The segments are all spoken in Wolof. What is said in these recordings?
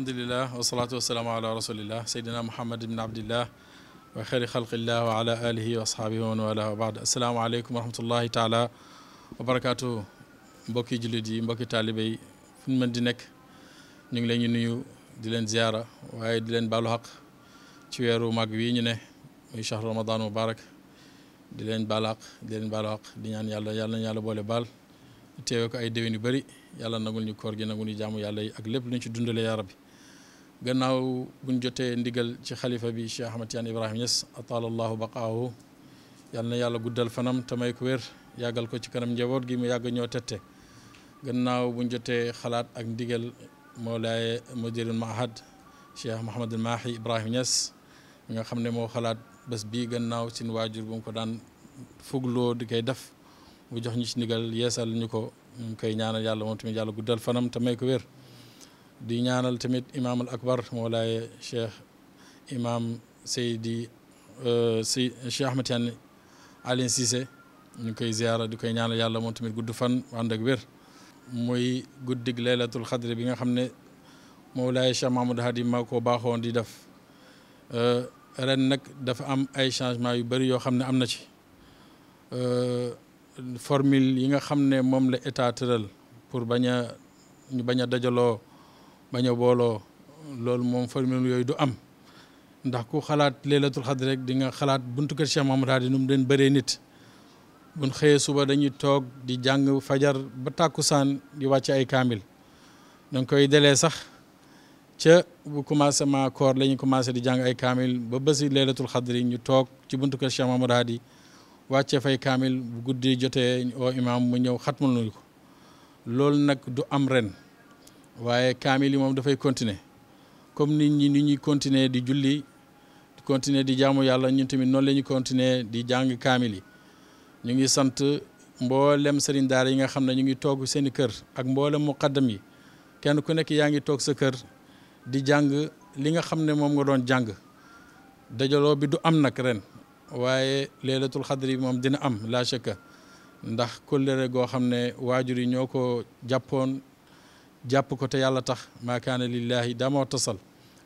الحمد لله والصلاة والسلام على رسول الله سيدنا محمد بن عبد الله وخير خلق الله وعلى آله وأصحابه ومن والاه وبعد السلام عليكم ورحمة الله تعالى وبركاته mbokki jullit yi mbokki taalibe yi fu ñu mën di nekk ñu ngi leen ñu nuyu di leen ziyaara waaye di leen baalu xaq ci weeru mag wi ñu ne muy shahru ramadan mubarak di leen baalu xaq di leen baalu xaq di ñaan yàlla yàlla nañu yàlla boole baal teewe ko ay déwén yu bëri yàlla nangul ñu koor gi nangul ñu jaamu yàlla yi ak lépp lu ñu ci dundale yaa rabbi gannaaw buñ jotee ndigal ci xalifa bi Cheikh Ahmad Tidiane ibrahim yes ataala allahu baqaahu yal na yàlla guddal fanam te may ko wér yàggal ko ci kanam njaboot gi mu yàgg ñoo tette gannaaw buñ jotee xalaat ak ndigal moolaaye mudirul mahad Cheikh al Mahi Ibrahima Niass nga xam ne moo xalaat bés bi gannaaw sin waajur bu mu ko daan fugloo di koy def mu jox ñu ci ndigal yeesal ñu ko ñu koy ñaanal yàlla moom tamit yàlla guddal fanam te may ko wér di ñaanal tamit imam al akbar moolaaye cheikh imam seydi si cheikh Ahmed Tidiane Alioune Cissé ñu koy ziara di koy ñaanal yàlla moom tamit gudd fan ànd ak wér muy guddig laylatul xadri bi nga xam ne moolaaye cheikh Mahamadou Hadi maa ko baaxoon di def ren nag dafa am ay changement yu bëri yoo xam ne am na ci formule yi nga xam ne moom la état tëral pour bañ a ñu bañ a dajaloo bañ a booloo loolu moom formule yooyu du am ndax ku xalaat leelatul xadr rek di nga xalaat buntu kër Cheikh Mamadou Hadi nu mu den bëree nit bun xëyee suba dañuy toog di jàng fajar ba tàkkusaan di wàcce ay kaamil danga koy delee sax ca bu commencement koor la ñu di jàng ay kaamil ba bési leelatul xadd yi ñu toog ci buntu kër Cheikh Mamadou Hadi wàccee fay kaamil bu guddi jotee oo imaam mu ñëw xatmal nuñu ko loolu nag du am ren waaye kaamil yi moom dafay continuer comme nit ñi ni ñuy continuer di julli continuer di jaamu yàlla ñun tamit noonu lañuy ñu di jàng kaamil yi ñu ngi sant mboolem sëriñ daar yi nga xam ne ñu ngi toog seeni kër ak mboolem muqaddam yi kenn ku nekk yaa ngi toog sa kër di jàng li nga xam ne moom nga doon jàng dajaloo bi du am nag ren waaye leelatul xadri yi moom dina am la shakka ndax kóllëre goo xam ne waajur yi ñoo ko jàppoon jàpp ko te yàlla tax maa kaana lillahi damoo tasal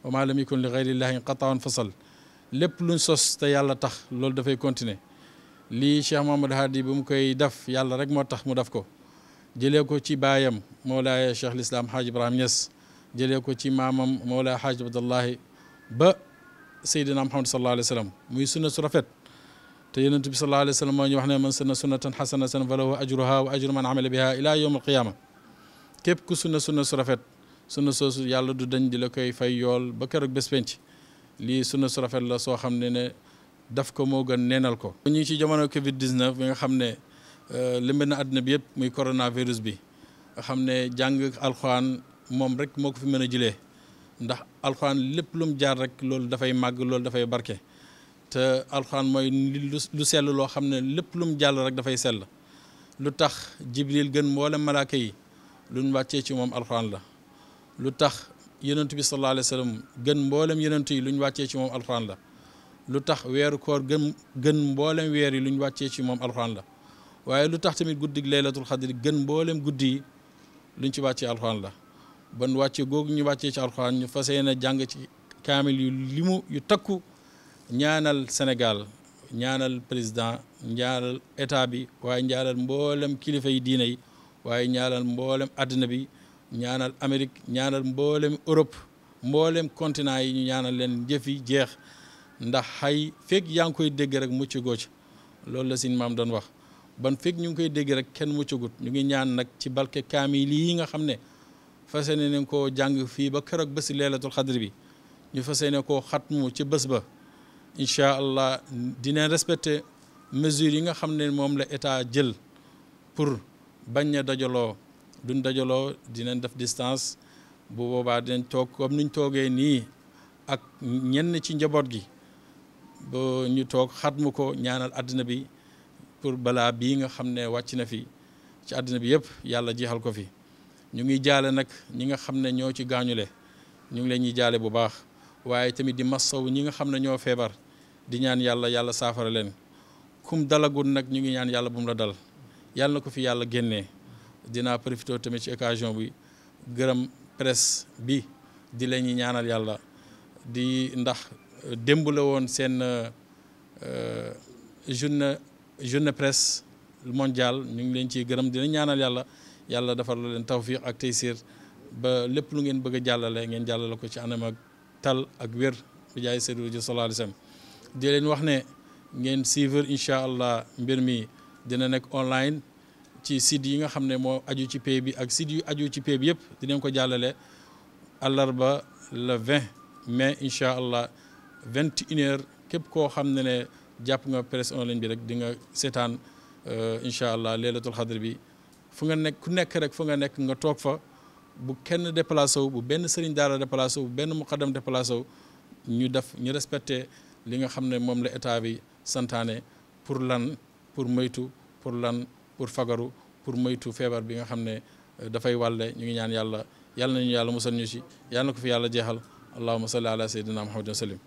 wa maa lam yakun li gayrillahi inqatawan fasal lépp luñ sos te yàlla tax loolu dafay continuer lii Cheikh Mahamad Hadi bu mu def yàlla rek moo tax mu def ko jëlee ko ci baayam moolaaya Cheikh lislaam Haaj Ibrahim Niass jëlee ko ci maamam moolaaya Haaj Abdallahi ba Seydina Muhammad sallallahu alayhi wa sallam muy sunna su rafet te yonent sallallahu alayhi wa sallam ñu wax ne man sunna sunnatan xasanatan fa lahu ajruha wa ajru man amila biha ila yawm alqiyama كيف كسونا سونا سرافت سونا سوس يالله دو دنج دلو كي في يول بكرك بس بنش لي سونا سرافت لا سو خم نين دف كم هو غن نين الكو بني شيء جمانة كوفيد 19 من خم نه لمن أدنى بيب مي كورونا فيروس بي خم نه جانغ القرآن ممرك موك في من جلي ده القرآن لبلوم جارك لول دفعي مغ لول دفعي بركة ت القرآن ماي لسيا لول خم نه لبلوم جارك دفعي سل لتخ جبريل غن مولم ملاكي luñ wàccee ci moom alxuraan la lu tax yonent bi sallallahu gën mboolem yonent yi luñ wàccee ci moom alxuraan la lu tax weeru koor gën gën mboolem weer yi lu ñu wàccee ci moom alxuraan la waaye lu tax tamit guddig laylatul xadr gën mbooleem guddi yi luñ ci wàccee alxuraan la ban wàccee googu ñu wàccee ci alxuraan ñu fas yéene jàng ci kaamil yu limu yu takku ñaanal Sénégal ñaanal président ñaanal état bi waaye ñaanal mboolem kilifa yi diine yi waaye ñaanal mboolem àddina bi ñaanal Amérique ñaanal mboolem Europe mboolem continent yi ñu ñaanal leen jëf yi jeex ndax xay fekk yaa ngi koy dégg rek mucc goo ci loolu la suñ maam doon wax ban fekk ñu ngi koy dégg rek kenn muccagut ñu ngi ñaan nag ci barke kaamil yi nga xam ne fas ne nañ koo jàng fii ba keroog bés leelatul xadri bi ñu fas yéene koo mu ci bës ba incha allah dinañ respecté mesures yi nga xam ne moom la état jël pour. bañ na dajaloo duñ dajaloo dinañ def distance bu boobaa dinañ toog comme niñ toogee nii ak ñenn ci njaboot gi ba ñu toog xat mu ko ñaanal àddina bi pour balaa bii nga xam ne wàcc na fi ci àddina bi yëpp yàlla jeexal ko fi ñu ngi jaale nag ñi nga xam ne ñoo ci gaañule ñu ngi leen ñuy jaale bu baax waaye tamit di massaw ñi nga xam ne ñoo feebar di ñaan yàlla yàlla saafara leen kum dalagul nag ñu ngi ñaan yàlla bu mu la dal yàlla na ko fi yàlla génnee dinaa profité tamit ci occasion bi gërëm presse bi di la ñuy ñaanal yàlla di ndax démb la woon seen euh, journée journée presse mondiale ñu ngi leen ciy gërëm dina ñaanal yàlla yàlla defal la leen tawfiq ak taysir ba lépp lu ngeen bëgg a jàllale ngeen jàllale ko ci anam ak tal ak wér bi jaay Seydou ji sallallahu di leen wax ne ngeen suivre incha allah mbir mi. dina nekk online ci site yi nga xam ne moo aju ci pays bi ak site yu aju ci pays bi yëpp dinañ ko jàllale àllarba le 20 mai incha allah 21 heures képp koo xam ne ne jàpp nga presse en ligne bi rek di nga seetaan euh, incha allah leelatul xadr bi fu nga nekk ku nekk rek fu nga nekk nga toog fa bu kenn déplacé wu bu benn sëriñ daara déplacé wu bu benn muqaddam déplacé wu ñu def ñu respecté li nga xam ne moom la état bi santaane pour lan pour moytu pour lan pour fagaru pour moytu feebar bi nga xam ne euh, dafay wàlle ñu ngi ñaan yàlla yàlla nañu yàlla musal ñu ci yàlla na ko fi yàlla jeexal allahuma salli ala sayyidina muhammadin wa sallim